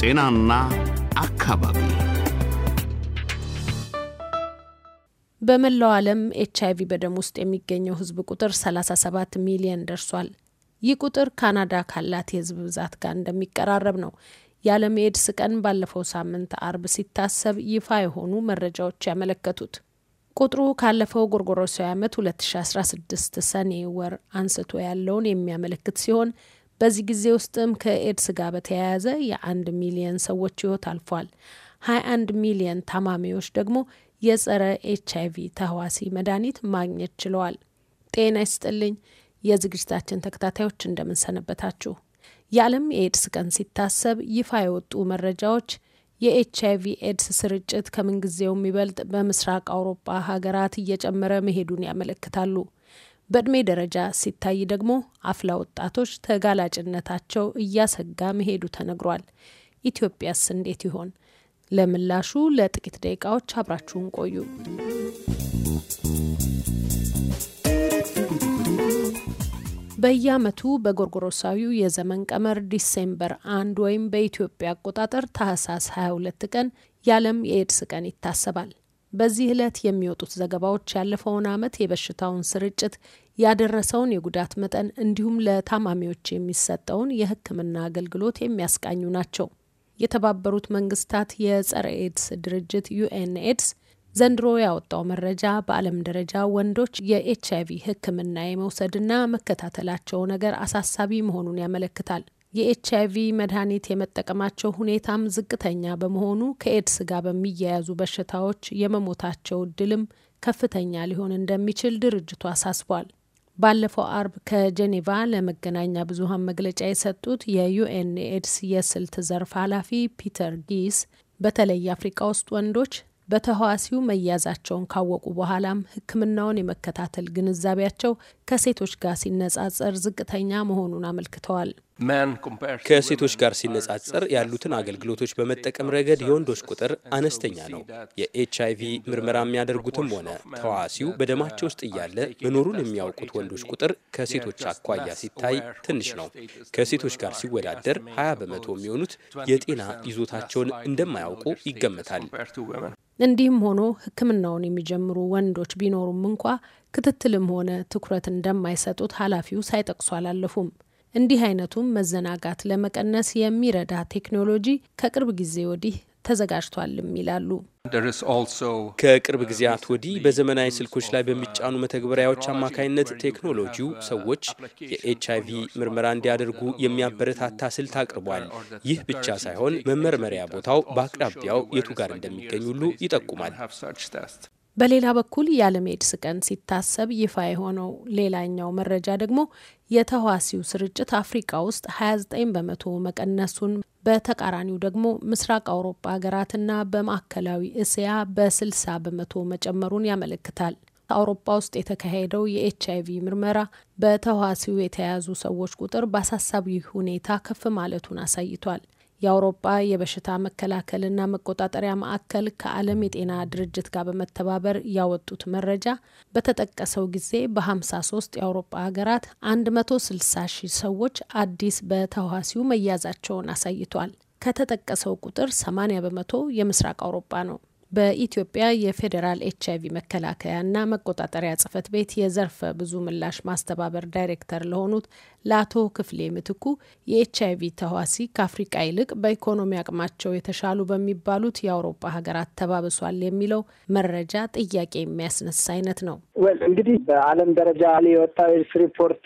ጤናና አካባቢ በመላው ዓለም ኤች አይቪ በደም ውስጥ የሚገኘው ህዝብ ቁጥር 37 ሚሊየን ደርሷል። ይህ ቁጥር ካናዳ ካላት የህዝብ ብዛት ጋር እንደሚቀራረብ ነው የዓለም ኤድስ ቀን ባለፈው ሳምንት አርብ ሲታሰብ ይፋ የሆኑ መረጃዎች ያመለከቱት። ቁጥሩ ካለፈው ጎርጎሮሳዊ ዓመት 2016 ሰኔ ወር አንስቶ ያለውን የሚያመለክት ሲሆን በዚህ ጊዜ ውስጥም ከኤድስ ጋር በተያያዘ የአንድ ሚሊየን ሰዎች ህይወት አልፏል። 21 ሚሊየን ታማሚዎች ደግሞ የጸረ ኤች አይቪ ተህዋሲ መድኃኒት ማግኘት ችለዋል። ጤና ይስጥልኝ የዝግጅታችን ተከታታዮች እንደምንሰነበታችሁ። የዓለም የኤድስ ቀን ሲታሰብ ይፋ የወጡ መረጃዎች የኤች አይቪ ኤድስ ስርጭት ከምንጊዜው የሚበልጥ በምስራቅ አውሮፓ ሀገራት እየጨመረ መሄዱን ያመለክታሉ። በእድሜ ደረጃ ሲታይ ደግሞ አፍላ ወጣቶች ተጋላጭነታቸው እያሰጋ መሄዱ ተነግሯል። ኢትዮጵያስ እንዴት ይሆን? ለምላሹ ለጥቂት ደቂቃዎች አብራችሁን ቆዩ። በየዓመቱ በጎርጎሮሳዊው የዘመን ቀመር ዲሴምበር አንድ ወይም በኢትዮጵያ አቆጣጠር ታህሳስ 22 ቀን የዓለም የኤድስ ቀን ይታሰባል። በዚህ ዕለት የሚወጡት ዘገባዎች ያለፈውን ዓመት የበሽታውን ስርጭት፣ ያደረሰውን የጉዳት መጠን እንዲሁም ለታማሚዎች የሚሰጠውን የሕክምና አገልግሎት የሚያስቃኙ ናቸው። የተባበሩት መንግስታት የጸረ ኤድስ ድርጅት ዩኤን ኤድስ ዘንድሮ ያወጣው መረጃ በዓለም ደረጃ ወንዶች የኤች አይቪ ሕክምና የመውሰድና መከታተላቸው ነገር አሳሳቢ መሆኑን ያመለክታል። የኤች አይቪ መድኃኒት የመጠቀማቸው ሁኔታም ዝቅተኛ በመሆኑ ከኤድስ ጋር በሚያያዙ በሽታዎች የመሞታቸው እድልም ከፍተኛ ሊሆን እንደሚችል ድርጅቱ አሳስቧል። ባለፈው አርብ ከጄኔቫ ለመገናኛ ብዙሃን መግለጫ የሰጡት የዩኤን ኤድስ የስልት ዘርፍ ኃላፊ ፒተር ጊስ በተለይ አፍሪካ ውስጥ ወንዶች በተህዋሲው መያዛቸውን ካወቁ በኋላም ሕክምናውን የመከታተል ግንዛቤያቸው ከሴቶች ጋር ሲነጻጸር ዝቅተኛ መሆኑን አመልክተዋል። ከሴቶች ጋር ሲነጻጸር ያሉትን አገልግሎቶች በመጠቀም ረገድ የወንዶች ቁጥር አነስተኛ ነው። የኤች ምርመራ የሚያደርጉትም ሆነ ተዋሲው በደማቸው ውስጥ እያለ መኖሩን የሚያውቁት ወንዶች ቁጥር ከሴቶች አኳያ ሲታይ ትንሽ ነው። ከሴቶች ጋር ሲወዳደር 20 በመቶ የሚሆኑት የጤና ይዞታቸውን እንደማያውቁ ይገመታል። እንዲህም ሆኖ ሕክምናውን የሚጀምሩ ወንዶች ቢኖሩም እንኳ ክትትልም ሆነ ትኩረት እንደማይሰጡት ኃላፊው ሳይጠቅሱ አላለፉም። እንዲህ አይነቱም መዘናጋት ለመቀነስ የሚረዳ ቴክኖሎጂ ከቅርብ ጊዜ ወዲህ ተዘጋጅቷልም ይላሉ። ከቅርብ ጊዜያት ወዲህ በዘመናዊ ስልኮች ላይ በሚጫኑ መተግበሪያዎች አማካኝነት ቴክኖሎጂው ሰዎች የኤች አይቪ ምርመራ እንዲያደርጉ የሚያበረታታ ስልት አቅርቧል። ይህ ብቻ ሳይሆን መመርመሪያ ቦታው በአቅራቢያው የቱ ጋር እንደሚገኝ ሁሉ ይጠቁማል። በሌላ በኩል የዓለም ኤድስ ቀን ሲታሰብ ይፋ የሆነው ሌላኛው መረጃ ደግሞ የተህዋሲው ስርጭት አፍሪካ ውስጥ 29 በመቶ መቀነሱን በተቃራኒው ደግሞ ምስራቅ አውሮፓ ሀገራትና በማዕከላዊ እስያ በ60 በመቶ መጨመሩን ያመለክታል። አውሮፓ ውስጥ የተካሄደው የኤች አይቪ ምርመራ በተህዋሲው የተያዙ ሰዎች ቁጥር በአሳሳቢ ሁኔታ ከፍ ማለቱን አሳይቷል። የአውሮፓ የበሽታ መከላከልና መቆጣጠሪያ ማዕከል ከዓለም የጤና ድርጅት ጋር በመተባበር ያወጡት መረጃ በተጠቀሰው ጊዜ በ53 የአውሮፓ ሀገራት 160 ሺህ ሰዎች አዲስ በተዋሲው መያዛቸውን አሳይቷል። ከተጠቀሰው ቁጥር 80 በመቶ የምስራቅ አውሮፓ ነው። በኢትዮጵያ የፌዴራል ኤች አይቪ መከላከያና መቆጣጠሪያ ጽህፈት ቤት የዘርፈ ብዙ ምላሽ ማስተባበር ዳይሬክተር ለሆኑት ለአቶ ክፍሌ ምትኩ የኤች አይቪ ተዋሲ ከአፍሪቃ ይልቅ በኢኮኖሚ አቅማቸው የተሻሉ በሚባሉት የአውሮፓ ሀገራት ተባብሷል የሚለው መረጃ ጥያቄ የሚያስነሳ አይነት ነው። ወል እንግዲህ በዓለም ደረጃ ላይ የወጣው ኤድስ ሪፖርት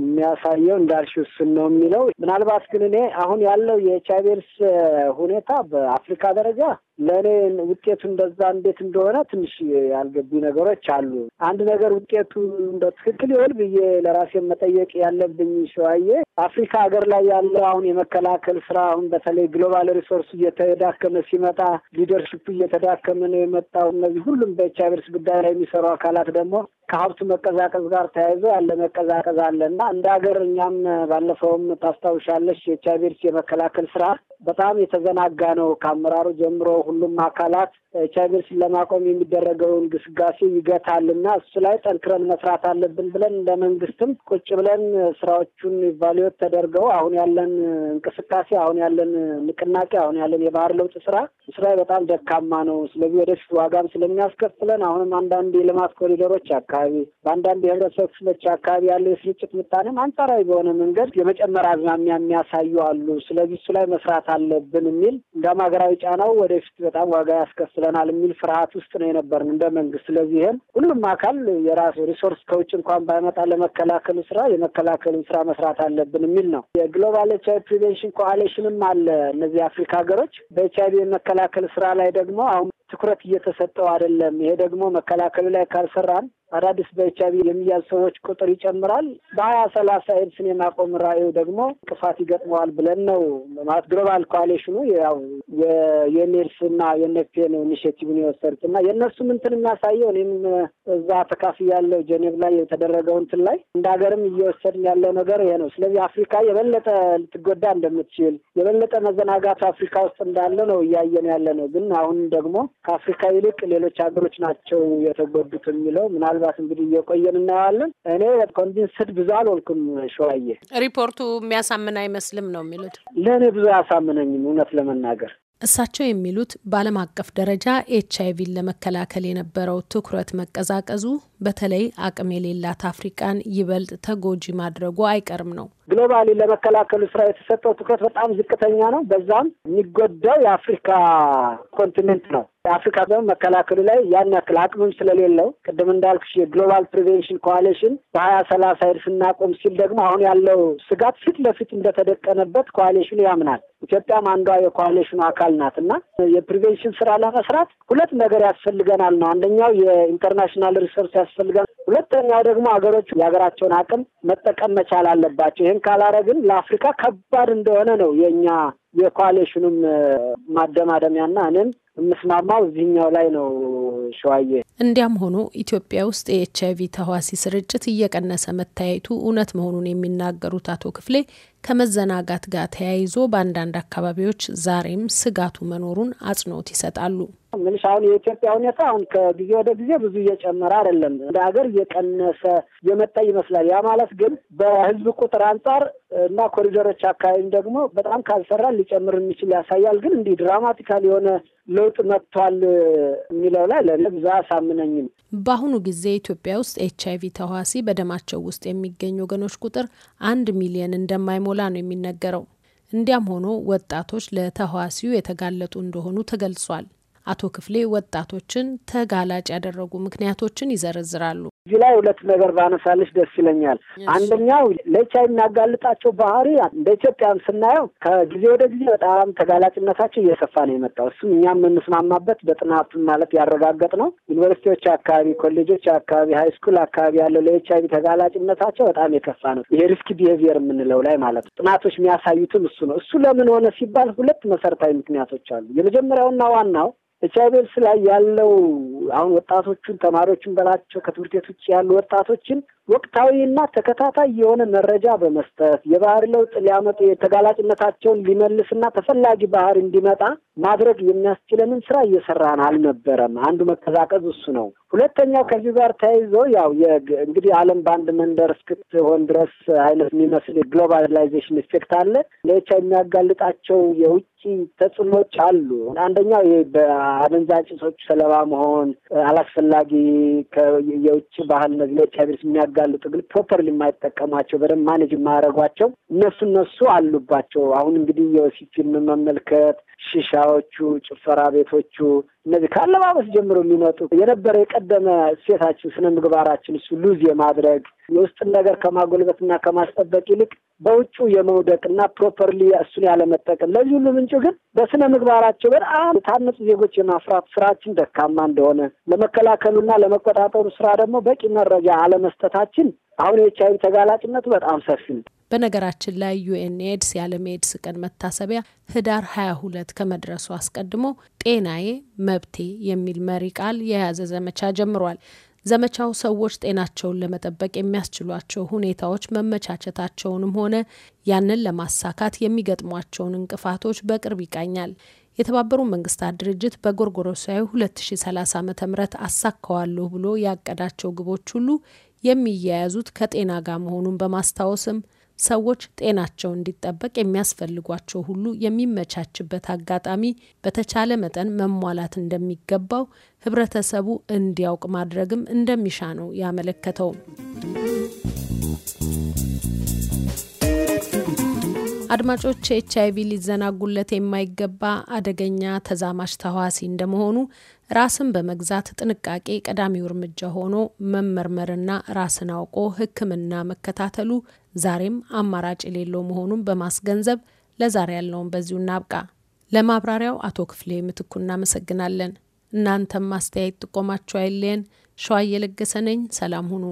የሚያሳየው እንዳልሽ እሱን ነው የሚለው። ምናልባት ግን እኔ አሁን ያለው የኤች አይቪ ኤድስ ሁኔታ በአፍሪካ ደረጃ ለእኔ ውጤቱ እንደዛ እንዴት እንደሆነ ትንሽ ያልገቡ ነገሮች አሉ። አንድ ነገር ውጤቱ እንደ ትክክል ይሆን ብዬ ለራሴ መጠየቅ ያለ አለብኝ ሸዋዬ አፍሪካ ሀገር ላይ ያለው አሁን የመከላከል ስራ አሁን በተለይ ግሎባል ሪሶርስ እየተዳከመ ሲመጣ ሊደርሽፕ እየተዳከመ ነው የመጣው። እነዚህ ሁሉም በኤች አይ ቪ ኤድስ ጉዳይ ላይ የሚሰሩ አካላት ደግሞ ከሀብቱ መቀዛቀዝ ጋር ተያይዞ ያለ መቀዛቀዝ አለ እና እንደ ሀገር እኛም ባለፈውም ታስታውሻለች የኤች አይ ቪ ኤድስ የመከላከል ስራ በጣም የተዘናጋ ነው። ከአመራሩ ጀምሮ ሁሉም አካላት ኤች አይ ቪ ኤድስን ለማቆም የሚደረገውን ግስጋሴ ይገታል እና እሱ ላይ ጠንክረን መስራት አለብን ብለን እንደ መንግስትም ቁጭ ብለን ስራዎቹን ኢቫሉዌት ተደርገው አሁን ያለን እንቅስቃሴ፣ አሁን ያለን ንቅናቄ፣ አሁን ያለን የባህር ለውጥ ስራ እሱ ላይ በጣም ደካማ ነው። ስለዚህ ወደፊት ዋጋም ስለሚያስከፍለን አሁንም አንዳንድ የልማት ኮሪደሮች አካ አካባቢ በአንዳንድ የህብረተሰብ ክፍሎች አካባቢ ያለው የስርጭት ምጣኔም አንጻራዊ በሆነ መንገድ የመጨመር አዝማሚያ የሚያሳዩ አሉ። ስለዚህ እሱ ላይ መስራት አለብን የሚል እንዲያውም ሀገራዊ ጫናው ወደፊት በጣም ዋጋ ያስከፍለናል የሚል ፍርሃት ውስጥ ነው የነበርን እንደ መንግስት። ስለዚህ ይህን ሁሉም አካል የራሱ ሪሶርስ ከውጭ እንኳን ባይመጣ ለመከላከሉ ስራ የመከላከሉን ስራ መስራት አለብን የሚል ነው። የግሎባል ኤች አይ ፕሪቬንሽን ኮአሌሽንም አለ። እነዚህ የአፍሪካ ሀገሮች በኤች አይቪ የመከላከል ስራ ላይ ደግሞ አሁን ትኩረት እየተሰጠው አይደለም። ይሄ ደግሞ መከላከሉ ላይ ካልሰራን አዳዲስ በኤች አይቪ የሚያዙ ሰዎች ቁጥር ይጨምራል። በሀያ ሰላሳ ኤድስን የማቆም ራዕዩ ደግሞ ቅፋት ይገጥመዋል ብለን ነው ማለት ግሎባል ኮአሊሽኑ ያው የኔልስ እና የነፔን ኢኒሽቲቭን የወሰዱት እና የእነሱም እንትን የሚያሳየው እኔም እዛ ተካፊ ያለው ጀኔቭ ላይ የተደረገው እንትን ላይ እንደ ሀገርም እየወሰድን ያለው ነገር ይሄ ነው። ስለዚህ አፍሪካ የበለጠ ልትጎዳ እንደምትችል የበለጠ መዘናጋት አፍሪካ ውስጥ እንዳለ ነው እያየን ያለ ነው። ግን አሁን ደግሞ ከአፍሪካ ይልቅ ሌሎች ሀገሮች ናቸው የተጎዱት የሚለው ምናል ምናልባት እንግዲህ እየቆየን እናየዋለን። እኔ ኮንቪንስድ ብዙ አልሆንኩም። ሸዋዬ ሪፖርቱ የሚያሳምን አይመስልም ነው የሚሉት። ለእኔ ብዙ አያሳምነኝም እውነት ለመናገር እሳቸው የሚሉት በዓለም አቀፍ ደረጃ ኤች አይቪን ለመከላከል የነበረው ትኩረት መቀዛቀዙ በተለይ አቅም የሌላት አፍሪቃን ይበልጥ ተጎጂ ማድረጉ አይቀርም ነው። ግሎባሊ ለመከላከሉ ስራ የተሰጠው ትኩረት በጣም ዝቅተኛ ነው። በዛም የሚጎዳው የአፍሪካ ኮንቲኔንት ነው። በአፍሪካ ቀንድ መከላከሉ ላይ ያን ያክል አቅምም ስለሌለው ቅድም እንዳልኩሽ የግሎባል ፕሪቬንሽን ኮሊሽን በሀያ ሰላሳ ሄድ ስናቆም ሲል ደግሞ አሁን ያለው ስጋት ፊት ለፊት እንደተደቀነበት ኮሊሽኑ ያምናል። ኢትዮጵያም አንዷ የኮሊሽኑ አካል ናት እና የፕሪቬንሽን ስራ ለመስራት ሁለት ነገር ያስፈልገናል ነው። አንደኛው የኢንተርናሽናል ሪሰርች ያስፈልገናል። ሁለተኛው ደግሞ ሀገሮች የሀገራቸውን አቅም መጠቀም መቻል አለባቸው። ይህን ካላረግን ለአፍሪካ ከባድ እንደሆነ ነው የእኛ የኮዋሌሽኑም ማደማደሚያና እኔም የምስማማው እዚህኛው ላይ ነው ሸዋዬ። እንዲያም ሆኖ ኢትዮጵያ ውስጥ የኤች አይቪ ተህዋሲ ስርጭት እየቀነሰ መታየቱ እውነት መሆኑን የሚናገሩት አቶ ክፍሌ ከመዘናጋት ጋር ተያይዞ በአንዳንድ አካባቢዎች ዛሬም ስጋቱ መኖሩን አጽንኦት ይሰጣሉ። ምንሽ አሁን የኢትዮጵያ ሁኔታ አሁን ከጊዜ ወደ ጊዜ ብዙ እየጨመረ አይደለም፣ እንደ ሀገር እየቀነሰ የመጣ ይመስላል። ያ ማለት ግን በህዝብ ቁጥር አንጻር እና ኮሪደሮች አካባቢም ደግሞ በጣም ካልሰራ ሊጨምር የሚችል ያሳያል። ግን እንዲህ ድራማቲካል የሆነ ለውጥ መጥቷል የሚለው ላይ ለብዛ አሳምነኝም። በአሁኑ ጊዜ ኢትዮጵያ ውስጥ ኤች አይቪ ተዋሲ በደማቸው ውስጥ የሚገኙ ወገኖች ቁጥር አንድ ሚሊየን እንደማይሞላ ነው የሚነገረው። እንዲያም ሆኖ ወጣቶች ለተዋሲው የተጋለጡ እንደሆኑ ተገልጿል። አቶ ክፍሌ ወጣቶችን ተጋላጭ ያደረጉ ምክንያቶችን ይዘረዝራሉ። እዚህ ላይ ሁለት ነገር ባነሳልሽ ደስ ይለኛል። አንደኛው ለኤች አይ የሚያጋልጣቸው ባህሪ እንደ ኢትዮጵያን ስናየው ከጊዜ ወደ ጊዜ በጣም ተጋላጭነታቸው እየሰፋ ነው የመጣው። እሱም እኛም የምንስማማበት በጥናቱ ማለት ያረጋገጥ ነው። ዩኒቨርሲቲዎች አካባቢ፣ ኮሌጆች አካባቢ፣ ሃይስኩል አካባቢ ያለው ለኤች አይ ቪ ተጋላጭነታቸው በጣም የከፋ ነው። ይሄ ሪስክ ቢሄቪየር የምንለው ላይ ማለት ነው። ጥናቶች የሚያሳዩትም እሱ ነው። እሱ ለምን ሆነ ሲባል ሁለት መሰረታዊ ምክንያቶች አሉ። የመጀመሪያውና ዋናው ኤች አይ ቪ ኤድስ ላይ ያለው አሁን ወጣቶቹን ተማሪዎችን በላቸው ከትምህርት ቤት ውጭ ያሉ ወጣቶችን ወቅታዊና ተከታታይ የሆነ መረጃ በመስጠት የባህሪ ለውጥ ሊያመጡ የተጋላጭነታቸውን ሊመልስና ተፈላጊ ባህር እንዲመጣ ማድረግ የሚያስችለንን ስራ እየሰራን አልነበረም። አንዱ መቀዛቀዝ እሱ ነው። ሁለተኛው ከዚህ ጋር ተያይዞ ያው እንግዲህ ዓለም በአንድ መንደር እስክትሆን ድረስ አይነት የሚመስል የግሎባላይዜሽን ኢፌክት አለ። ለኤች አይ የሚያጋልጣቸው የውጭ ተጽዕኖዎች አሉ። አንደኛው ይሄ በአደንዛዥ እጾች ሰለባ መሆን፣ አላስፈላጊ የውጭ ባህል እነዚህ ለኤች አይ ቪ የሚያጋልጡ ግን ፕሮፐርሊ የማይጠቀሟቸው በደንብ ማኔጅ የማያደርጓቸው እነሱ እነሱ አሉባቸው። አሁን እንግዲህ የወሲብ ፊልም መመልከት፣ ሽሻዎቹ፣ ጭፈራ ቤቶቹ እነዚህ ከአለባበስ ጀምሮ የሚመጡ የነበረ የቀደመ እሴታችን ስነ ምግባራችን እሱ ሉዝ የማድረግ የውስጥን ነገር ከማጎልበትና ከማስጠበቅ ይልቅ በውጩ የመውደቅና ፕሮፐርሊ እሱን ያለመጠቀም ለዚህ ሁሉ ምንጩ ግን በስነ ምግባራቸው በጣም የታነጹ ዜጎች የማፍራት ስራችን ደካማ እንደሆነ ለመከላከሉና ለመቆጣጠሩ ስራ ደግሞ በቂ መረጃ አለመስጠታችን አሁን የኤች አይቪ ተጋላጭነቱ በጣም ሰፊ ነው። በነገራችን ላይ ዩኤን ኤድስ የዓለም ኤድስ ቀን መታሰቢያ ህዳር 22 ከመድረሱ አስቀድሞ ጤናዬ መብቴ የሚል መሪ ቃል የያዘ ዘመቻ ጀምሯል። ዘመቻው ሰዎች ጤናቸውን ለመጠበቅ የሚያስችሏቸው ሁኔታዎች መመቻቸታቸውንም ሆነ ያንን ለማሳካት የሚገጥሟቸውን እንቅፋቶች በቅርብ ይቃኛል። የተባበሩ መንግስታት ድርጅት በጎርጎሮሳዊ 2030 ዓ ም አሳካዋለሁ ብሎ ያቀዳቸው ግቦች ሁሉ የሚያያዙት ከጤና ጋር መሆኑን በማስታወስም ሰዎች ጤናቸው እንዲጠበቅ የሚያስፈልጓቸው ሁሉ የሚመቻችበት አጋጣሚ በተቻለ መጠን መሟላት እንደሚገባው ህብረተሰቡ እንዲያውቅ ማድረግም እንደሚሻ ነው ያመለከተው። አድማጮች ኤች አይቪ ሊዘናጉለት የማይገባ አደገኛ ተዛማች ተህዋሲ እንደመሆኑ ራስን በመግዛት ጥንቃቄ ቀዳሚው እርምጃ ሆኖ መመርመርና ራስን አውቆ ሕክምና መከታተሉ ዛሬም አማራጭ የሌለው መሆኑን በማስገንዘብ ለዛሬ ያለውን በዚሁ እናብቃ። ለማብራሪያው አቶ ክፍሌ ምትኩ እናመሰግናለን። እናንተም አስተያየት ጥቆማችሁ አይለየን። ሸዋ እየለገሰ ነኝ። ሰላም ሁኑ።